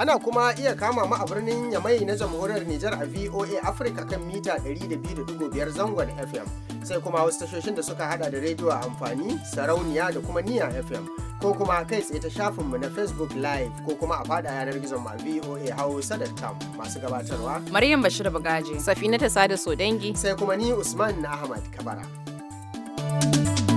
Ana kuma iya kama mu a birnin Yamai na jamhuriyar Nijar a VOA Africa kan mita 102.5 zangon FM. Sai kuma wasu tashoshin da suka hada da rediyo amfani, sarauniya da kuma niya FM. Ko kuma kai tsaye ta shafinmu na Facebook Live ko kuma a fada yanar gizo ma VOA Hausa.com masu gabatarwa. Maryam Bashir Bagaji. Safina ta sada Sodangi. Sai kuma ni Usman na Ahmad Kabara. thank you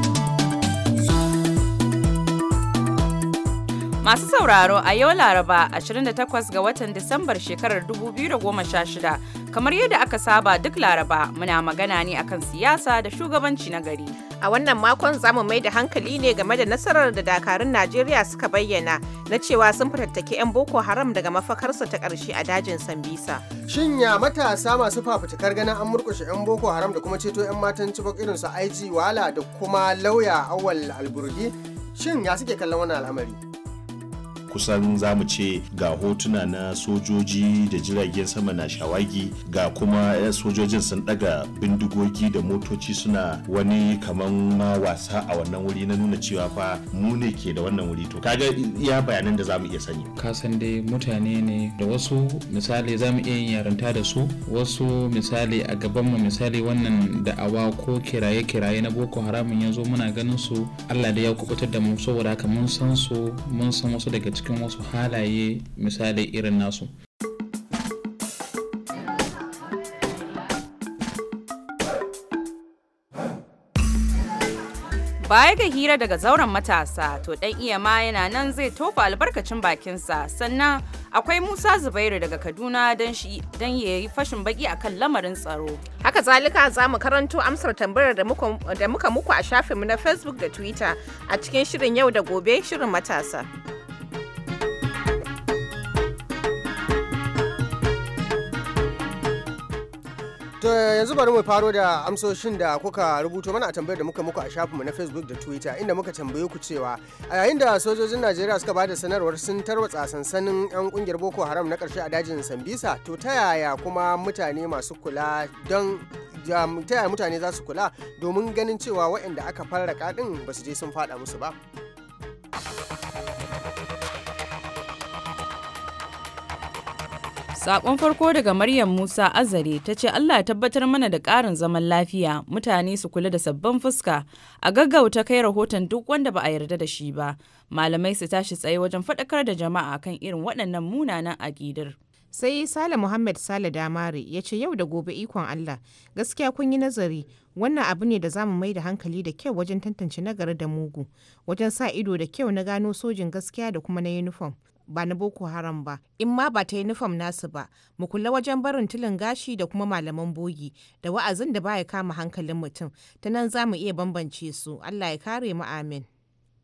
Masu sauraro a yau Laraba 28 ga watan Disambar shekarar 2016 kamar yadda aka saba duk Laraba muna magana ne akan siyasa da shugabanci na gari. A wannan makon zamu mai da hankali ne game da nasarar da dakarun Najeriya suka bayyana na cewa sun fitattaki 'yan Boko Haram daga mafakarsa ta ƙarshe a dajin Sambisa. Shinya matasa masu fafutukar ganin an murkushe 'yan Boko Haram da kuma ceto 'yan matan cibok irin su IG Wala da kuma lauya Awal Alburgi shin ya suke kallon wannan al'amari? kusan za mu ce ga hotuna na sojoji da jiragen sama na shawagi ga kuma eh, sojojin sun daga bindigogi da motoci suna wani kaman ma wasa a wannan wuri na nuna cewa fa mu ne ke da wannan wuri to kaga iya bayanan da za mu iya sani ka san dai mutane ne da wasu misali za mu iya yin yaranta da su wasu misali a gaban mu misali wannan da'awa ko kiraye-kiraye na boko haramun yanzu muna ganin su allah da ya kubutar da mu saboda haka mun san su mun san wasu daga cikin cikin wasu halaye misalai irin nasu baya ga hira daga zauren matasa to dan iya ma yana nan zai tofa albarkacin bakinsa sannan akwai musa zubairu daga kaduna don don ya yi fashin baki akan lamarin tsaro haka zalika za mu karanto amsar tambayar da muka muku a shafinmu na facebook da twitter a cikin shirin yau da gobe shirin matasa To yanzu bari mu faro da amsoshin da kuka rubuto mana a tambayar da muka muku a shafinmu na Facebook da Twitter inda muka tambaye ku cewa a yayin da sojojin Najeriya suka bada sanarwar sun tarwatsa sansanin 'yan kungiyar Boko Haram na karshe a dajin Sambisa to ta yaya kuma mutane masu kula don ta mutane za su kula domin ganin cewa waɗanda aka fara din ba su je sun faɗa musu ba. Sakon farko daga Maryam Musa Azare ta ce Allah ya tabbatar mana da ƙarin zaman lafiya mutane su kula da sabbin fuska a gaggauta kai rahoton duk wanda ba a yarda da shi ba malamai su tashi tsaye wajen faɗakar da jama'a kan irin waɗannan munanan aƙidar. sai sale muhammad sale damari ya ce yau da gobe ikon allah gaskiya kun yi nazari wannan abu ne da za mu mai da hankali da kyau wajen tantance nagari da mugu wajen sa ido da kyau na gano sojin gaskiya da kuma na yunifom ba na boko haram ba in ma ba ta yi nufam nasu ba mu kula wajen barin tulin gashi da kuma malaman bogi da wa'azin da baya kama hankalin mutum ta nan za mu iya bambance su allah ya kare mu amin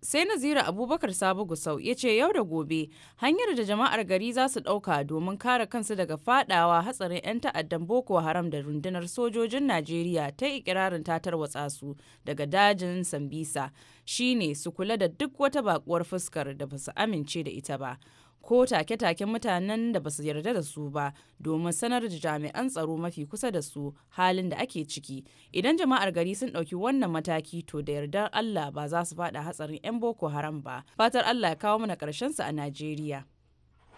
sai nazira abubakar sabugu gusau ya ce yau da gobe hanyar da jama'ar gari za su ɗauka domin kare kansu daga fadawa hatsarin 'yan ta'addan boko haram da rundunar sojojin najeriya ta ikirarin tatar watsa su daga dajin sambisa shine su kula da duk wata bakuwar fuskar da ba su amince da ita ba ko take-taken mutanen da ba su yarda da su ba domin sanar da jami'an tsaro mafi kusa da su halin da ake ciki idan jama'ar gari sun ɗauki wannan mataki to da yardar allah ba za su faɗa hatsarin 'yan boko haram ba fatar allah ya kawo mana karshen su a najeriya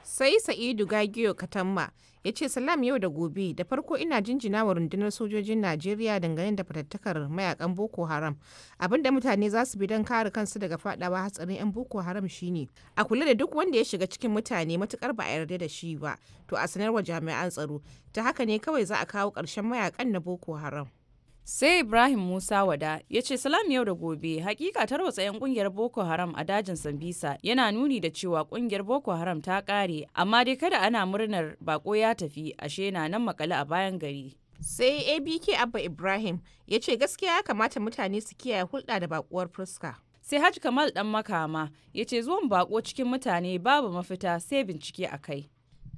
sai sa'idu gagiyo katamma ya ce salam yau da gobe da farko ina jinjina wa rundunar sojojin najeriya dangane da fatattakar mayakan boko haram abinda mutane za su bi don kare kansu daga fadawa hatsarin yan boko haram shine a kula da duk wanda ya shiga cikin mutane matukar ba a yarda da shi ba to a sanarwa jami'an tsaro ta haka ne kawai za a kawo ƙarshen mayakan na boko haram sai ibrahim musa wada ya ce salam yau da gobe hakika tarwatsa 'yan kungiyar boko haram a dajin sambisa yana nuni da cewa kungiyar boko haram ta kare amma dai kada ana murnar bako ya tafi ashe na nan makale a bayan gari sai abk abba ibrahim ya ce gaskiya ya kamata mutane su kiyaye hulɗa da bakuwar fuska sai Haji kamal dan makama ya ce zuwan bako cikin mutane babu mafita sai bincike a kai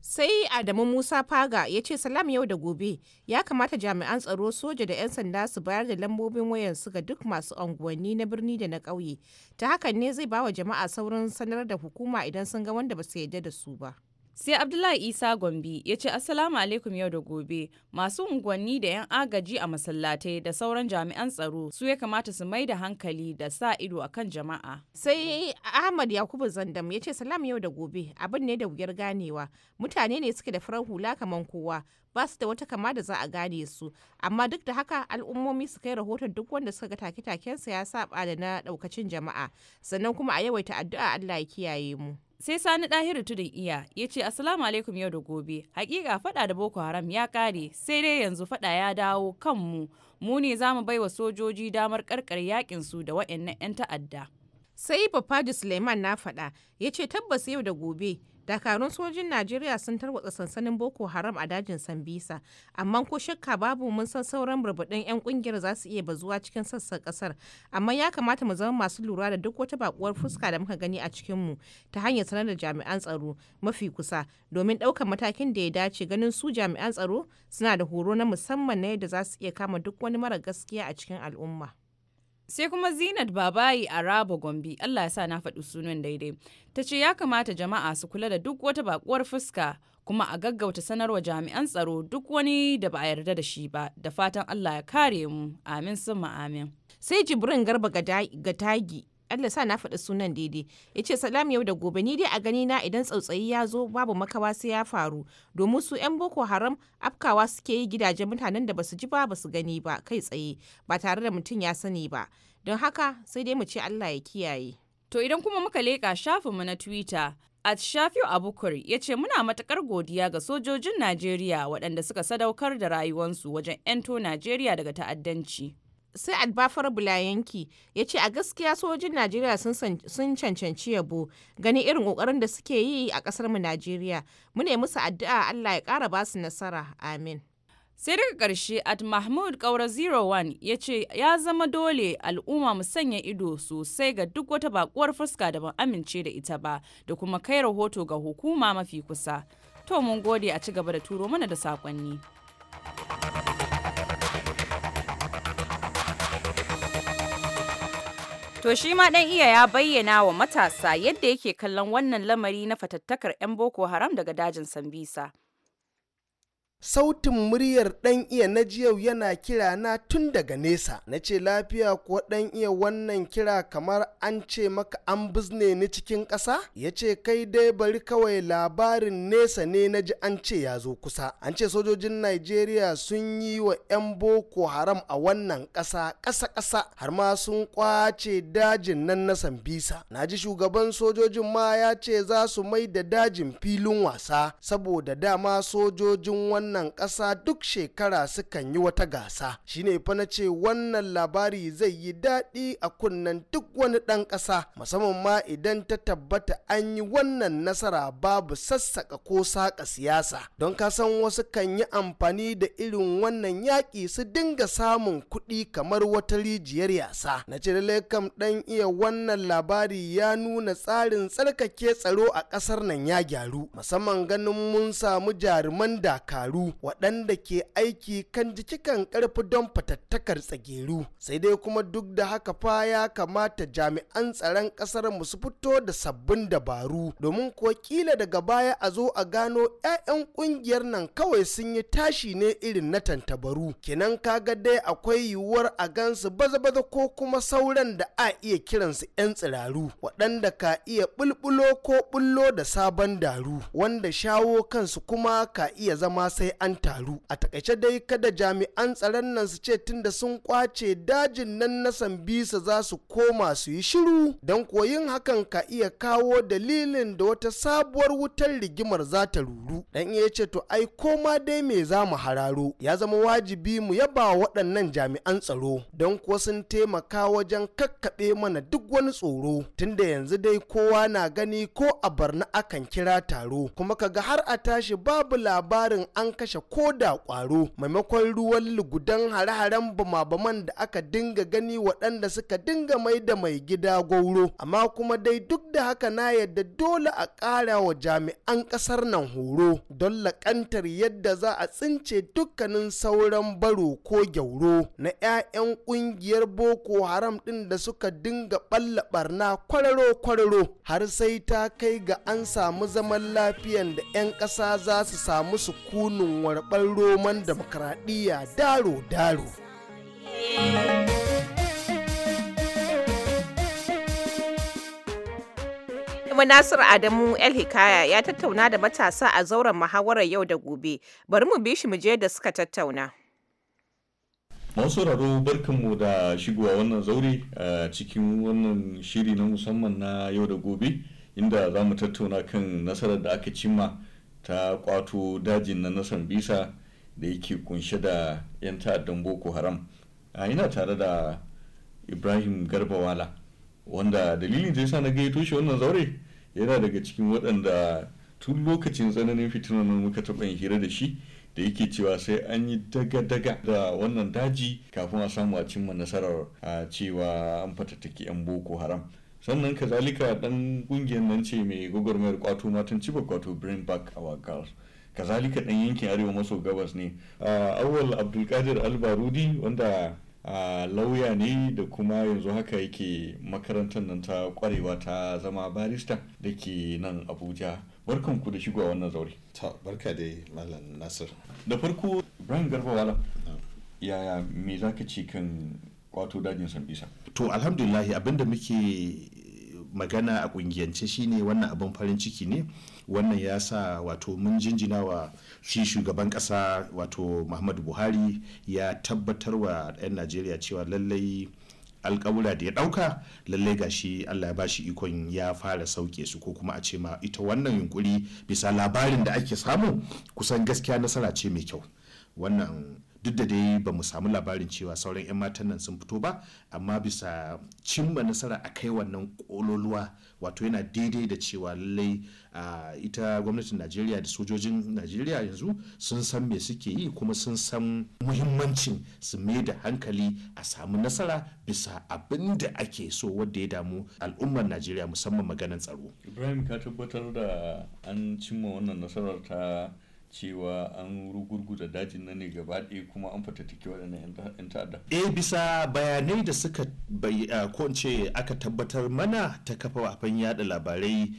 sai adamu musa faga ya ce salam yau da gobe ya kamata jami'an tsaro soja da 'yan sanda su bayar da lambobin wayansu ga duk masu unguwanni na birni da na ƙauye ta hakan ne zai bawa jama'a saurin sanar da hukuma idan sun ga wanda ba su yarda da su ba sai abdullahi isa gombe ya ce assalamu alaikum yau da gobe masu unguwanni da 'yan agaji a masallatai da sauran jami'an tsaro su ya kamata su mai da hankali da sa ido a kan jama'a sai ahmad yakubu zandam ya ce salam yau da gobe abin ne da wuyar ganewa mutane ne suke da farar hula kamar kowa ba su da wata kama da za a gane su amma duk da haka al'ummomi su kai rahoton duk wanda suka ga take taken ya saba da na daukacin jama'a sannan kuma a yawaita addu'a allah ya kiyaye mu sai sani ɗahiru tudun iya ya ce assalamu alaikum yau da gobe hakika fada da boko haram ya kare sai dai yanzu fada ya dawo kanmu mu ne za mu bai wa sojoji damar karkar yakin su da wa'annan 'yan ta'adda sai bafaji suleiman na fada ya ce tabbas yau da gobe dakarun sojin najeriya sun tarwatsa sansanin boko haram a dajin sambisa amma ko shakka babu mun san sauran burbuɗin 'yan kungiyar za su iya bazuwa cikin sassan kasar amma ya kamata mu zama masu lura da duk wata bakuwar fuska da muka gani a cikin mu ta hanyar sanar da jami'an tsaro mafi kusa domin ɗaukar matakin da ya dace ganin su jami'an tsaro suna da horo na musamman na yadda za su iya kama duk wani mara gaskiya a cikin al'umma. sai kuma zinat babayi a raba gombe allah ya sa na faɗi sunan daidai ta ce ya kamata jama'a su kula da duk wata bakuwar fuska kuma a gaggauta sanarwa jami'an tsaro duk wani da ba a yarda da shi ba da fatan allah ya kare mu amin sun amin sai jibrin garba ga tagi Allah sa na faɗi sunan daidai ya ce salam yau da gobe ni dai a gani na idan tsautsayi ya zo babu makawa sai ya faru domin su 'yan boko haram afkawa suke yi gidajen mutanen da basu ji ba basu gani ba kai tsaye ba tare da mutum ya sani ba don haka sai dai mu ce Allah ya kiyaye. To idan kuma muka leƙa mu na Twitter a Shafiu Abukur ya ce muna matakar godiya ga sojojin Najeriya waɗanda suka sadaukar da rayuwansu wajen 'yanto Najeriya daga ta'addanci. sai albafar yanki ya ce a gaskiya sojin najeriya sun cancanci yabo gani irin kokarin da suke yi a kasar mu najeriya mu musu addu'a allah ya kara ba su nasara amin sai daga karshe at mahmud kaura 01 ya ce ya zama dole al'umma mu sanya ido sosai ga duk wata bakuwar fuska da ban amince da ita ba da kuma kai rahoto ga hukuma mafi kusa to mun gode a ci gaba da turo mana da sakonni. To shi ma dan iya ya bayyana wa matasa yadda yake kallon wannan lamari na fatattakar 'yan Boko Haram daga dajin Sambisa. sautin muryar ɗan iya na jiyau yana kira na tun daga nesa na ce lafiya kuwa dan iya wannan kira kamar an ce maka an bizne ni cikin ƙasa ya ce kai dai bari kawai labarin nesa ne na ji an ce ya zo kusa an ce sojojin najeriya sun yi wa 'yan boko haram a wannan ƙasa ƙasa ƙasa har ma sun kwace dajin nan na sambisa na ji shugaban sojojin ma ya ce za su mai da dajin filin wasa saboda dama sojojin wannan wannan ƙasa duk shekara sukan yi wata gasa shi ne fa na ce wannan labari zai yi daɗi a kunnen duk wani ɗan ƙasa musamman ma idan ta tabbata an yi wannan nasara babu sassaƙa ko saƙa siyasa don ka san wasu kan yi amfani da irin wannan yaƙi su dinga samun kuɗi kamar wata rijiyar yasa na ce lallai kam ɗan iya wannan labari ya nuna tsarin tsarkake tsaro a ƙasar nan ya gyaru musamman ganin mun samu jaruman dakaru waɗanda ke aiki kan jikikan ƙarfi don fatattakar tsageru sai dai kuma duk da haka fa ya kamata jami'an tsaron ƙasar mu su fito da sabbin dabaru domin kuwa kila daga baya a zo a gano 'ya'yan ƙungiyar nan kawai sun yi tashi ne irin na tantabaru kenan kaga dai akwai yiwuwar a gansu baza-baza ko kuma sauran da a iya kiransu 'yan tsiraru waɗanda ka iya bulbulo ko bullo da sabon daru wanda shawo kansu kuma ka iya zama sai an taru a takaice dai kada jami'an tsaron nan su ce tunda sun kwace dajin nan na sambisa za su koma su yi shiru don koyin hakan ka iya kawo dalilin da wata sabuwar wutar rigimar za ta ruru dan iya ce to ai koma dai me za mu hararo ya zama wajibi mu yaba waɗannan jami'an tsaro don kuwa sun taimaka wajen kakkaɓe mana duk wani tsoro tunda yanzu dai kowa na gani ko a barna akan kira taro kuma kaga har a tashi babu labarin an kashe koda kwaro maimakon ruwan lugudan hare-haren bama-baman da aka dinga gani waɗanda suka dinga mai da mai gida gauro amma kuma dai duk da haka na yadda dole a ƙara wa jami'an ƙasar nan horo don laƙantar yadda za a tsince dukkanin sauran baro ko gyauro na 'ya'yan ƙungiyar boko haram ɗin da suka dinga ɓalla ɓarna kwararo-kwararo har sai ta kai ga an samu zaman lafiyan da 'yan ƙasa za su samu su kuno irin warɓar roman demokradiyya daro-daro kuma Nasir Adamu El Hikaya ya tattauna da matasa a zauren muhawarar yau da gobe. Bari mu bi shi mu je da suka tattauna. masu raro barkanmu da shigowa wannan zaure a cikin wannan shiri na musamman na yau da gobe inda za mu tattauna kan nasarar da aka cimma ta kwato dajin na nasan bisa da yake kunshe da 'yan ta'addan boko haram a ina tare da ibrahim garbawala wanda dalilin zai sa na gaito shi wannan zaure yana daga cikin waɗanda tun lokacin tsananin fitinan muka taɓa yin hira da shi da yake cewa sai an yi daga-daga da wannan daji kafin a samu a cimma nasarar a cewa an fatattaki 'yan boko haram sannan kazalika dan kungiyar nan ce mai gwagwarmayar kwato matan ciba kwato bring back our girls kazalika dan yankin arewa maso gabas ne awwal abdulkadir albarudi wanda a lauya ne da kuma yanzu haka yake makarantar nan ta kwarewa ta zama barista da ke nan abuja barkan ku da shigowa wannan zaure ta barka da malam nasir da farko brian garba wala yaya me zaka ce kan wato dajin sambisa to alhamdulillahi abinda muke magana a kungiyance shine wannan abin farin ciki ne wannan ya sa wato mun jinjina wa shi shugaban kasa wato muhammadu buhari ya tabbatar wa 'yan najeriya cewa lallai alkawura da ya dauka lallai gashi Allah ya bashi ikon ya fara sauke su ko kuma a ce ma ita wannan yunkuri bisa labarin da ake samu kusan gaskiya nasara ce mai kyau wannan duk da dai ba mu samu labarin cewa sauran 'yan matan nan sun fito ba amma bisa cimma nasara a kai wannan kololuwa wato yana daidai da cewa lallai ita gwamnatin najeriya da sojojin najeriya yanzu sun san me suke yi kuma sun san muhimmancin su mai da hankali a samu nasara bisa abin da ake so wadda ya damu al'ummar najeriya musamman maganan tsaro ibrahim ka tabbatar da an cimma wannan nasarar ta cewa an rugurguza dajin na ne gaba ɗaya kuma an fatattake waɗannan 'yan ta'adda. eh bisa bayanai da suka ko ce aka tabbatar mana ta kafa wafan yada labarai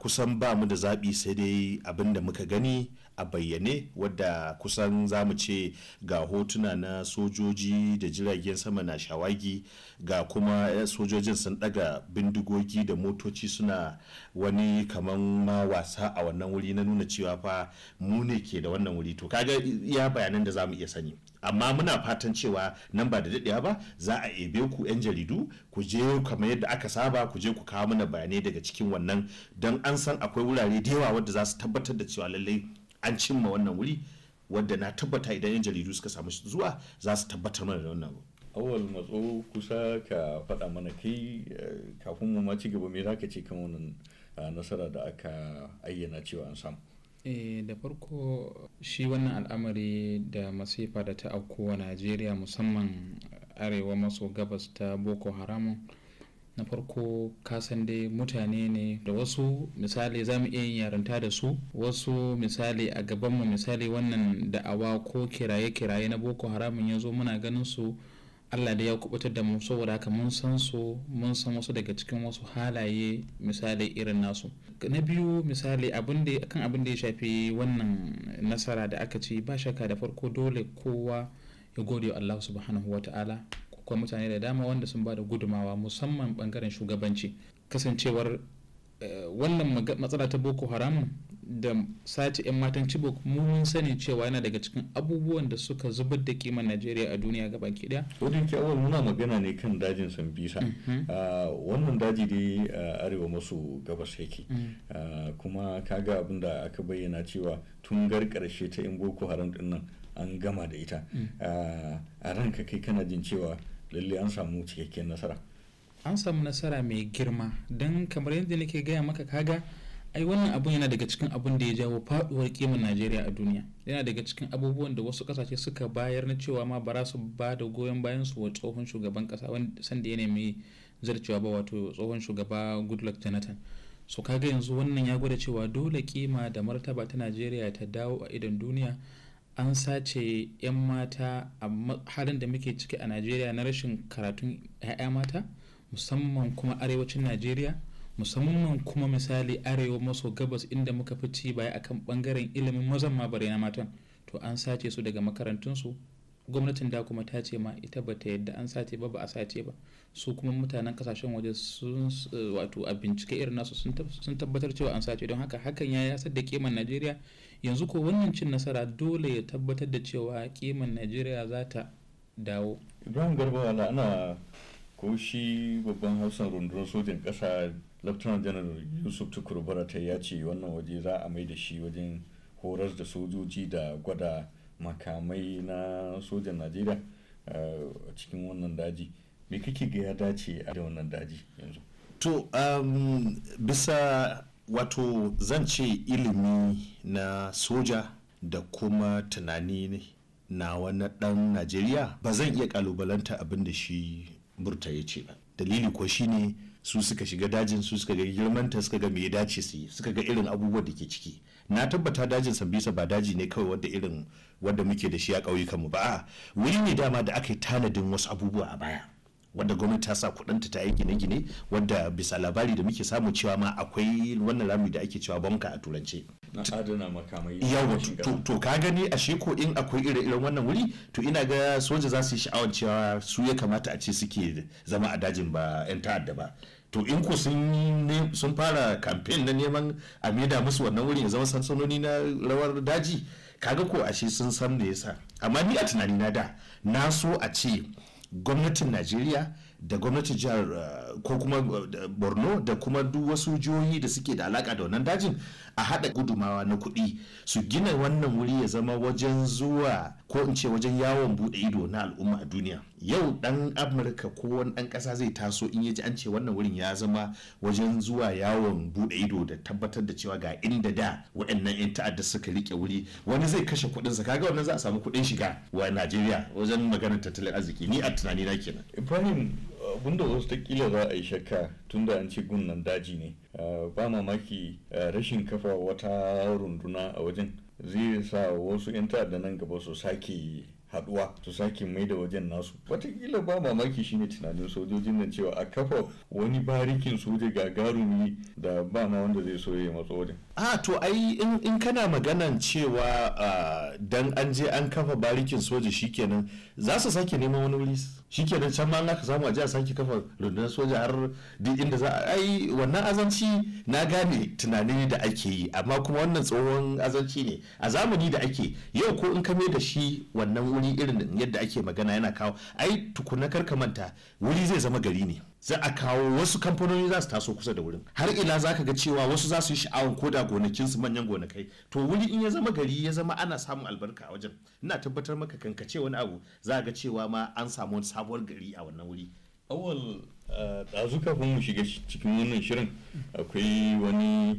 kusan ba mu da zaɓi sai dai abin da muka gani a bayyane wadda kusan zamu ce ga hotuna na sojoji da jiragen sama na shawagi ga kuma eh, sojojin sun daga bindigogi da motoci suna wani kaman ma wasa a wannan wuri na nuna cewa fa mu ne ke da wannan wuri to kaga iya bayanan da zamu iya sani amma muna fatan cewa nan ba da daɗewa ba za a ebe ku 'yan jaridu ku je kamar yadda aka saba ku je ku kawo mana bayanai daga cikin wannan don an san akwai wurare da yawa wadda za su tabbatar da cewa lallai an cimma wannan wuri wadda na tabbata idan yan jaridu suka samu zuwa za su tabbatar mana da wannan awal matso kusa ka faɗa mana kai eh, kafin mu ma ci gaba me zaka ce kan wannan ah, nasara da aka ayyana cewa an samu eh, da farko shi wannan al'amari da masifa da ta auku najeriya musamman arewa maso gabas ta boko haramun na farko kasan dai mutane ne da wasu misali za mu iya yin yarinta da su wasu misali a gabanmu misali wannan da'awa ko kiraye-kiraye na boko haramun ya zo muna ganin su allah da ya kubutar da mu saboda haka mun san su mun san wasu daga cikin wasu halaye misali irin nasu na biyu misali kan abin da ya shafi wannan nasara da aka ci ba shaka da farko dole kowa ya gode wa allah subhanahu wa ta'ala akwai mutane da dama wanda sun da gudumawa musamman bangaren shugabanci kasancewar eh, wannan matsala ta boko haram da sace 'yan matan cibok mun sani cewa yana daga cikin abubuwan da suka zubar da kiman najeriya a duniya gaba ki daya wadda ke awon muna magana ne kan dajin sambisa mm-hmm. ah, wannan daji dai ah, arewa masu gabas yake mm. ah, kuma kaga abin da aka bayyana cewa tun gar karshe ta 'yan boko haram din an gama da ita mm. a ranka kai kana jin cewa lalle an samu cikakken nasara an samu nasara mai girma don kamar yadda nake gaya maka kaga ai wannan abun yana daga cikin abun da ya jawo faduwar kimar najeriya a duniya yana daga cikin abubuwan da wasu kasashe suka bayar na cewa ma ba su ba da goyon bayan su wa tsohon shugaban kasa sanda ya nemi zarcewa ba wato tsohon shugaba goodluck jonathan so kaga yanzu wannan ya gwada cewa dole kima da martaba ta najeriya ta dawo a idon duniya an sace 'yan mata a halin da muke ciki a najeriya na rashin karatun 'ya'ya mata musamman kuma arewacin najeriya musamman kuma misali arewa maso gabas inda muka fi ci baya akan bangaren ilimin mazan ma bare na matan to an sace su daga makarantunsu gwamnatin da kuma ta ce ma ita ba ta yadda an sace ba ba a sace ba su kuma mutanen kasashen waje sun wato a bincike irin nasu sun tabbatar cewa an sace don haka hakan ya yasa da kiman najeriya yanzu ko wannan cin nasara dole ya tabbatar da cewa kiman najeriya za ta dawo ibrahim garba wala ana ko shi babban hausan rundunar sojin kasa lieutenant general yusuf tukur barata ya ce wannan waje za a mai da shi wajen horas da sojoji da gwada makamai na sojan najeriya eh, a cikin wannan daji me kake ga ya dace a da wannan daji yanzu to um, bisa wato zan ce ilimi na soja da kuma tunani ne na wani dan najeriya ba zan iya kalubalanta abin da shi murta ya ce ba dalili ko shi ne su suka shiga dajin su suka ga girmanta suka ga me ya dace su yi suka ga irin abubuwa da ke ciki na tabbata dajin sabisa ba daji ne kawai wadda irin wadda muke da shi a ƙauyukan mu ba a wuri ne dama da aka yi tanadin wasu abubuwa a baya wadda gwamnati ta sa kudanta ta yi gine-gine wadda bisa labari da muke samu cewa ma akwai wannan rami da ake cewa banka a turance yawa to ka gani a sheko in akwai ire-iren wannan wuri to ina ga soja za su yi sha'awar cewa su ya kamata a ce suke zama a dajin ba 'yan ta'adda ba to in ku sun fara kamfen na neman a da musu wannan wurin ya zama sansanoni na rawar daji kaga ko ashe sun san me yasa amma ni a tunani na da na so a ce gwamnatin najeriya da gwamnatin jihar ah, ko kuma uh, borno da kuma duk wasu jihohi da suke da alaka da wannan dajin a haɗa gudumawa na kuɗi su gina wannan wuri ya zama wajen zuwa ko in ce wajen yawon buɗe ido na al'umma a duniya yau dan amurka ko wani ɗan ƙasa zai taso in ya ji an ce wannan wurin ya zama wajen zuwa yawon buɗe ido da tabbatar da cewa ga inda da waɗannan 'yan ta'adda suka riƙe wuri wani zai kashe kuɗinsa kaga wannan za a samu kuɗin shiga wa najeriya wajen maganar tattalin arziki ni a tunani na kenan ibrahim abinda wasu za a yi shakka tun da an ce gunnan daji ne ba mamaki rashin kafa wata runduna a wajen zai sa wasu 'yan ta'adda nan gaba su sake haduwa su sake mai da wajen nasu watakila ba mamaki shine tunanin sojojin nan cewa a kafa wani barikin soja gagarumi da ba ma wanda zai so ya matsa wajen ah to ai in kana maganan cewa ah, dan an je an kafa barikin soja shikenan za su sake neman wani wuri shikenan can ma aka samu a ji a sake kafa rundunar soja har duk inda za ai wannan azanci na gane tunani da ake yi amma kuma wannan tsohon azanci ne a zamani da ake yau ko in kame da shi wannan wuri irin yadda ake magana yana kawo ai tukuna kar ka manta wuri zai zama gari ne za a kawo wasu kamfanoni za su taso kusa da wurin har ila za ka ga cewa wasu za su yi sha'awar koda gonakin su manyan gonakai to wuri in ya zama gari ya zama ana samun albarka a wajen ina tabbatar maka kankace wani abu za ga cewa ma an samu wani sabuwar gari a wannan wuri awal ɗazu kafin mu shiga cikin wannan shirin akwai wani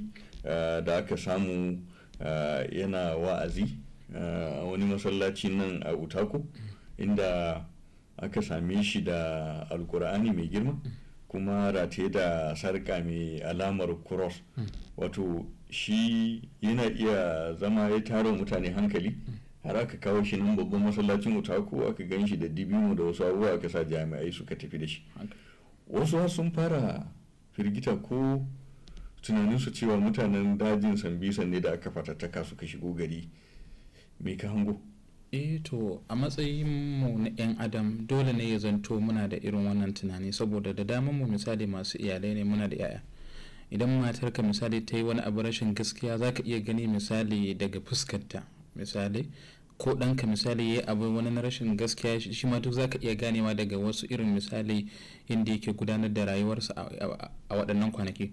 da aka samu yana wa'azi a wani masallaci nan a utaku inda aka same shi da alkur'ani mai girma kuma rataye da sarƙa mai alamar cross wato shi yana iya zama ya tara mutane hankali har aka kawo shi nan babban masallacin ko aka gan shi da dibino da wasu abubuwa aka sa jami'ai suka tafi da shi wasu sun fara firgita ko tunanin su cewa mutanen dajin sambisan ne da aka fatattaka suka shigo gari mai ka hango eh to a matsayin mu na 'yan adam dole ne ya zanto muna da irin wannan tunani saboda da dama mu misali masu iyalai ne muna da 'ya'ya idan matarka misali ta yi wani abu rashin gaskiya za ka iya gani misali daga fuskanta misali ko ɗanka misali ya yi abu wani na rashin gaskiya shi ma duk za ka iya ganewa daga wasu irin misali inda yake gudanar da rayuwarsa a waɗannan kwanaki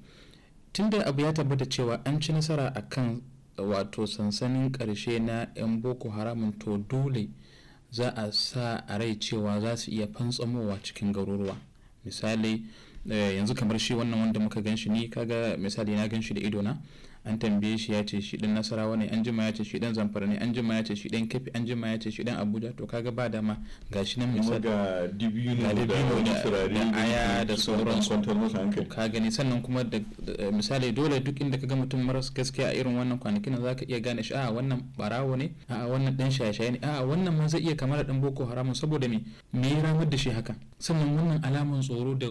tunda abu ya tabbata cewa an ci nasara a kan. wato sansanin ƙarshe na 'yan boko haramun to dole za a sa a rai cewa za su iya fantsamowa cikin garuruwa misali eh, yanzu kamar shi wannan wanda muka gan shi ni kaga misali na gan shi da idona an tambaye shi ya ce shi dan nasarawa ne an jima ya ce shi dan zamfara ne an jima ya ce shi dan kafi an jima ya ce shi dan abuja to kaga ba dama gashi nan misali ga dibino da aya da sauran kwantar masa hankali ka gani sannan kuma da eh, misali dole duk inda kaga mutum maras gaskiya a irin wannan kwanakin zaka iya gane shi a wannan barawo ne a wannan dan shaye-shaye ne a wannan ma zai iya kamar dan boko haramun saboda me me ya ramar da shi haka sannan wannan alaman tsoro da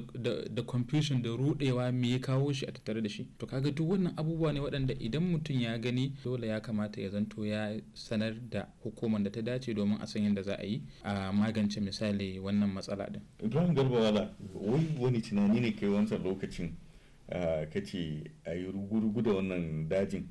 da confusion da rudewa me ya kawo shi a tattare da shi to kaga duk wannan abubuwa ne waɗanda wanda idan mutum ya gani dole ya kamata ya zanto ya sanar da hukumar da ta dace domin a san yadda za a yi a magance misali wannan matsala din. Ibrahim Garbawala wai wani tunani ne kai wancan lokacin ka ce a yi rugu da wannan dajin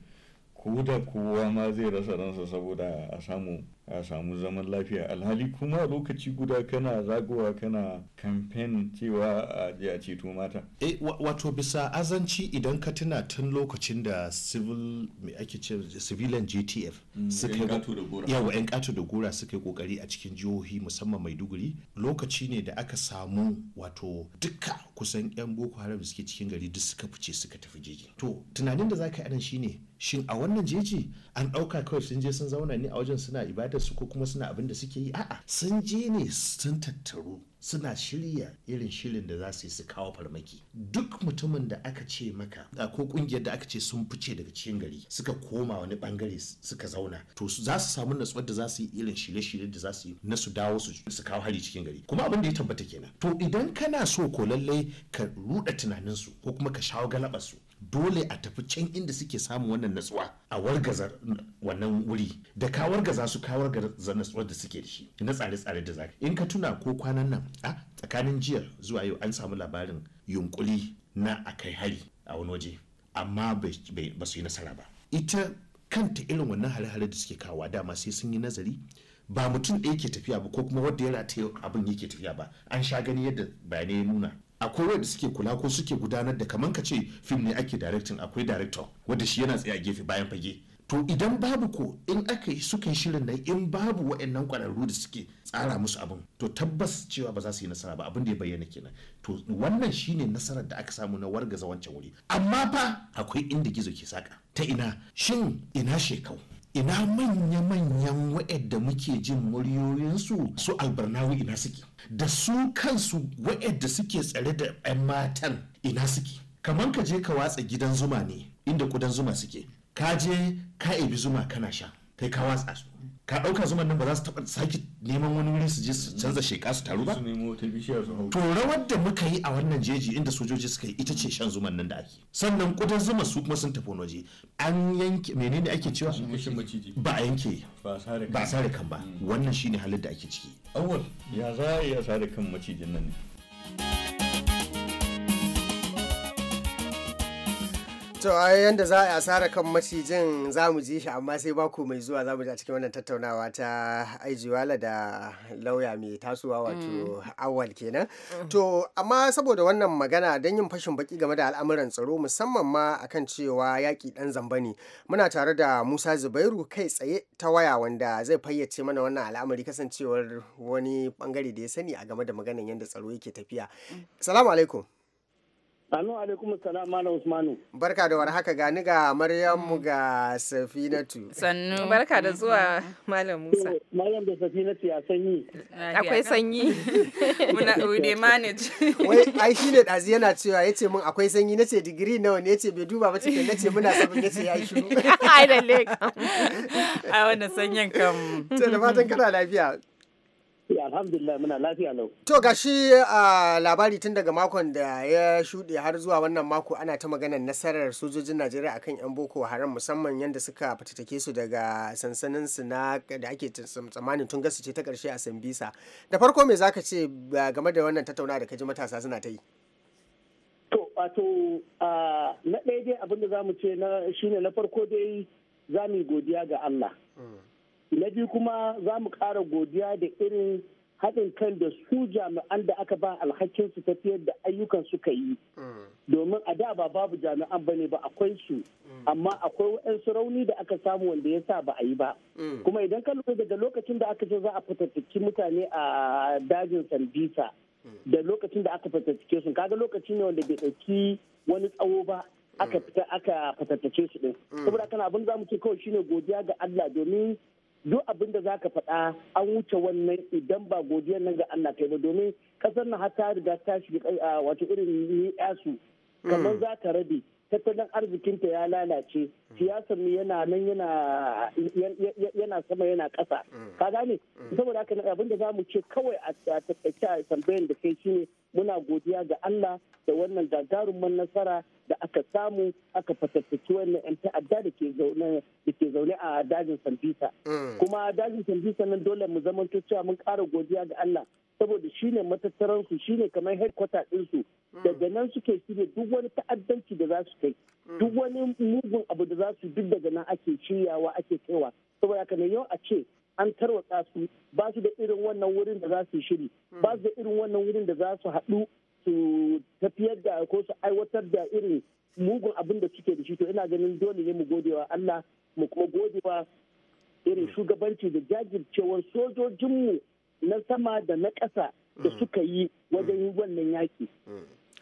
ko da kowa ma zai rasa ransa saboda a samu a samu zaman lafiya alhali kuma lokaci guda kana zagowa kana kamfen cewa a je a ceto mata eh, wato bisa azanci idan ka tuna tun lokacin da civil me ake ce civilian GTF mm, suka yawa yan kato da gora suka yi kokari a cikin jihohi musamman Maiduguri lokaci ne da aka samu wato duka kusan yan boko haram suke cikin gari duk suka fice suka tafi jeji to tunanin da zaka yi anan shine shin a wannan jeji an ɗauka kawai sun je sun zauna ne a wajen suna ibada su ko kuma suna abin da suke yi a'a sun je ne sun tattaru suna shirya irin shirin da za su yi su kawo farmaki duk mutumin da aka ce maka ko kungiyar da aka ce sun fice daga cikin gari suka koma wani bangare suka zauna to za su samu natsuwar da za su yi irin shirye-shirye da za su yi na su dawo su kawo hari cikin gari kuma abin da ya tabbata kenan to idan kana so ko lallai ka ruɗa tunaninsu ko kuma ka shawo galabarsu dole a tafi can inda suke samun wannan natsuwa a wargaza wannan wuri da ka wargaza su ka wargaza natsuwar da suke da shi na tsare-tsare da zaka in ka tuna ko kwanan nan a tsakanin jiya zuwa yau an samu labarin yunkuri na a kai hari a wani waje amma ba su yi nasara ba ita kanta irin wannan hare-hare da suke kawo dama sai sun yi nazari ba mutum ɗaya ke tafiya ba ko kuma wanda ya rataye abin yake tafiya ba an sha gani yadda bayanai ya nuna akwai wanda suke kula ko suke gudanar da kamar ka ce fim ne ake directing akwai director wanda shi yana tsaye a gefe bayan fage to idan babu ko in aka yi suka yi shirin nan in babu waɗannan ƙwararru da suke tsara musu abin to tabbas cewa ba za su yi nasara ba abin da ya bayyana kenan to wannan shine nasarar da aka samu na wargaza wancan wuri amma fa akwai inda gizo ke saka ta ina shin ina shekau ina manya-manyan wa'yanda muke jin muryoyinsu su albarnawi ina suke da su kansu wa'yanda suke tsare da 'yan matan ina suke kamar ka je ka watsa gidan zuma ne inda kudan zuma suke ka je ka ebi zuma kana sha kai ka watsa su ka ɗauka zuman nan ba za su taɓa sake neman wani wuri su je su canza sheka su taru ba to rawar da muka yi a wannan jeji inda sojoji suka yi ita ce shan zuman nan da ake sannan kudin zuma su kuma sun tafi waje an yanke menene ake cewa ba a yanke ba a sare kan ba mm. wannan shine halin da ake ciki awwal ya za a iya sare kan macijin nan ne To a yanda za a sara kan macijin za mu ji shi amma sai ku mai zuwa za mu ji a cikin wannan tattaunawa ta aijiwala da lauya mai tasowa wato mm. awal kenan. Mm. To amma saboda wannan magana don yin fashin baki game da al'amuran tsaro musamman ma akan cewa yaƙi ɗan zamba ne. Muna tare da Musa Zubairu kai tsaye ta waya wanda zai fayyace mana wannan al'amari kasancewar wani bangare da ya sani a game da maganan yadda tsaro yake tafiya. Mm. Salamu alaikum. Anu alaikum salam Malam Usmanu. Barka da warhaka gani ga Maryamu ga Safinatu. Sannu barka da zuwa Malam Musa. Maryam da Safinatu ya sanyi. Akwai sanyi. Muna ude manage. Wai ai shi ne dazi yana cewa yace mun akwai sanyi nace digiri nawa ne yace bai duba ba cikin nace muna sabon yace ya shiru. Ai da lek. Ai wannan sanyin kam. To da fatan kana lafiya. alhamdulillah muna lafiya lau. To gashi a labari tun daga makon da ya shuɗe har zuwa wannan mako ana ta maganar nasarar sojojin Najeriya akan 'yan Boko Haram musamman yadda suka fatatake su daga sansanin su na da ake tsammanin tun gasu ce ta ƙarshe a Sambisa. Da farko me zaka ce game da wannan tattaunawa da kaji matasa suna ta yi? To wato na ɗaya dai abin da za ce na shine na farko dai za mu godiya ga Allah. Mm. na biyu kuma za mu ƙara godiya da irin haɗin kan da su jami'an da aka ba alhakin su tafiyar da ayyukan suka yi domin a da ba babu jami'an bane ba akwai su amma akwai waɗansu rauni da aka samu wanda ya sa ba a yi ba kuma idan ka lura daga lokacin da aka ce za a fitattaki mutane a dajin sandisa da lokacin da aka fitattake su kaga lokaci ne wanda bai ɗauki wani tsawo ba aka fita aka su ɗin saboda kana abin za mu ce kawai shine godiya ga Allah domin duk abin da za ka faɗa an wuce wannan idan ba godiyar nan ga Allah kai ba domin kasar na hata riga ta shiga wato irin ni'asu kamar hmm. za ta rabe tattalin arzikinta ya lalace mm. siyasar mu yana nan yana yana sama yana ƙasa mm. ka gane mm. saboda haka abin da zamu ce kawai a taƙaice a tambayan da kai shine muna godiya ga Allah da wannan gagarumin nasara da aka samu aka fatattaki wannan yan ta'adda da ke zaune da ke zaune a dajin Sambisa kuma dajin Sambisa nan dole mu zamanto cewa mun kara godiya ga Allah saboda shine matattaransu shine kamar headquarter din su daga nan suke shirya duk wani ta'addanci da za su kai duk wani mugun abu da za su duk daga nan ake shiryawa ake kaiwa saboda haka ne yau a ce an tarwatsa su ba su da irin wannan wurin da za su shiri ba su da irin wannan wurin da za su haɗu su tafiyar da ko su aiwatar da irin mugun abin da suke da shi to ina ganin dole ne mu godewa Allah mu kuma godewa irin shugabanci da jajircewar sojojinmu na sama da na ƙasa da suka yi wajen wannan yaƙi.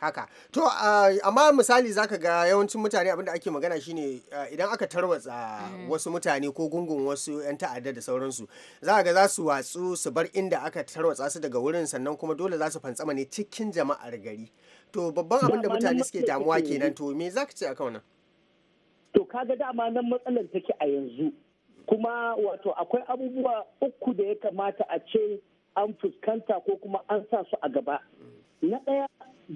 haka to ah, amma misali zaka ga yawancin mutane abinda ake magana shine ah, idan aka tarwatsa mm. wasu mutane ko gungun wasu 'yan ta'adda da sauransu za ga za su watsu su bar inda aka tarwatsa su daga wurin sannan kuma dole za su fantsama ne cikin jama'ar gari to babban abin da mutane suke damuwa kenan to me za ka ce akan wannan to kaga dama nan matsalar take a yanzu kuma wato akwai abubuwa uku da ya kamata a ce an fuskanta ko kuma an sa su a gaba na ɗaya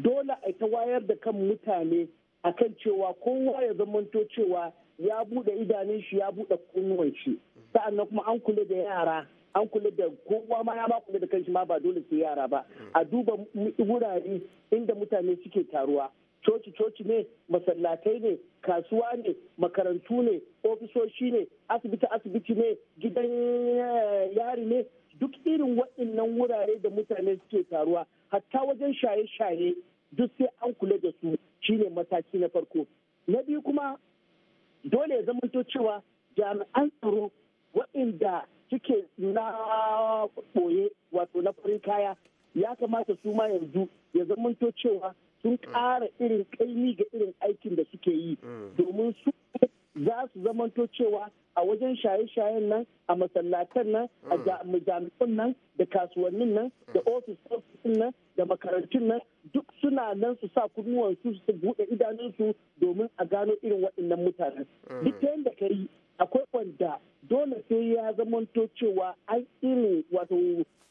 dole a ta wayar da kan mutane a kan cewa kowa ya zamanto cewa ya bude idanun shi ya bude kunnuwan shi sa'annan kuma an kula da yara an kula da kowa ma ya ba kula da kanshi ma ba dole sai yara ba a duba wurare inda mutane suke taruwa coci coci ne masallatai ne kasuwa ne makarantu ne ofisoshi ne asibiti asibiti ne gidan eh, yari ne duk irin waɗannan wurare da mutane suke taruwa hatta wajen shaye-shaye duk sai an kula da su shine mataki na farko na biyu kuma dole ya zamanto cewa jami'an tsaro waɗanda suke na ɓoye wato na farin kaya ya kamata su ma yanzu ya zamanto cewa sun ƙara irin ƙaimi ga irin aikin da suke yi mm. domin su za su zamanto cewa a wajen shaye-shayen nan a masallatan nan a hmm. jami'un nan da kasuwannin nan da hmm. ofis ofisin nan da makarantun nan duk suna nan su sa kunnuwansu su buɗe idanunsu domin a gano irin waɗannan mutane hmm. duk ta yadda ka yi akwai wanda dole sai ya zamanto cewa an irin wato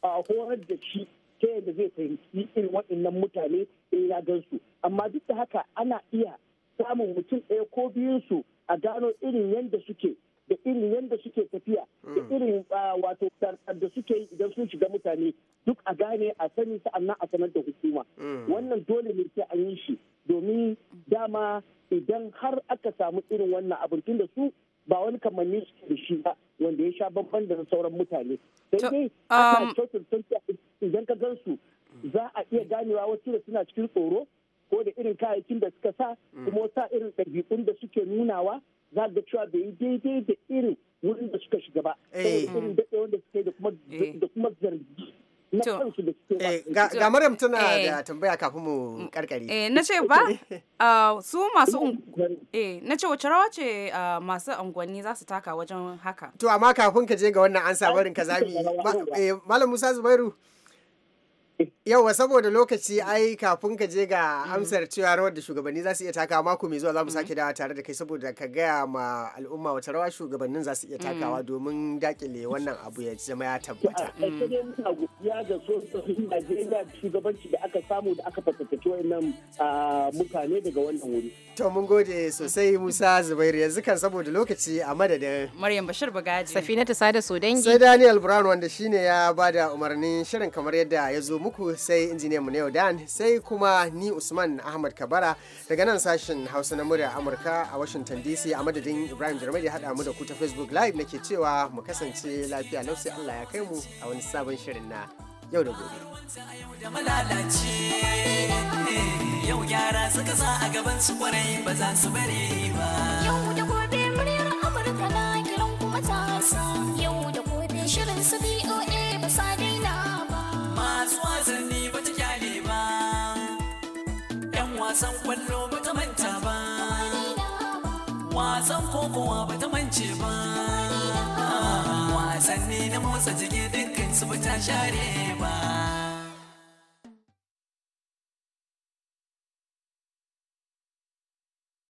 horar da shi ta yadda zai fahimci irin waɗannan mutane in ya gansu amma duk da haka ana iya samun mutum ɗaya ko biyun su. a gano irin yadda suke da irin yadda suke tafiya da hmm. irin ah, wato da suke yi idan sun shiga mutane duk a gane a sani sa'annan a sanar da hukuma hmm. wannan dole ne sai an yi shi domin dama idan har aka samu irin wannan abin tun da su ba wani kamanni suke da shi ba wanda ya sha banban da sauran mutane sai dai um, idan ka gansu za a iya ganewa wasu da suna cikin tsoro ko da irin kayayyakin da suka sa mm. kuma sa irin ɗabi'un da suke nunawa za ga cewa bai yi daidai da irin wurin da suka shiga ba. Eh. Irin daɗewar da suke da kuma eh. zargi eh, ga Maryam tana da tambaya kafin mu mm. karkare. Eh na ce ba ah, su masu eh na ce wace rawa ce ah, masu unguwanni za su taka wajen haka. To amma kafin ka je ga wannan an ah, barin ka zabi Malam Musa Zubairu. yauwa saboda lokaci mm. ai kafin ka je ga mm. amsar cewa rawar da shugabanni za su iya takawa mako mai zuwa za mu mm. sake dawa tare da kai saboda ka gaya ma al'umma wata rawa shugabannin za su iya takawa domin dakile wannan abu ya zama ya tabbata. ya ga a shugabanci da aka samu da aka mutane daga wannan wuri. To mun gode sosai Musa Zubairu yanzu kan saboda lokaci a madadin. Maryam Bashir Bagaji. ta Sada Sodangi. Sai Daniel Brown wanda shine ya bada umarnin shirin kamar yadda ya zo muku sai injiniyanmu na yau Dan sai kuma ni Usman Ahmad Kabara daga nan sashen Hausa na murya Amurka a Washington DC a madadin Ibrahim Jarmai ya haɗa mu da ku ta Facebook Live nake cewa mu kasance lafiya lau sai Allah ya kai mu a wani sabon shirin na yau da gobe. Yau gyara suka sa a gaban su kwarai ba za su bari ba. kowa ba ta mance ba wasanni na motsa jiki dukkan su ba ta share ba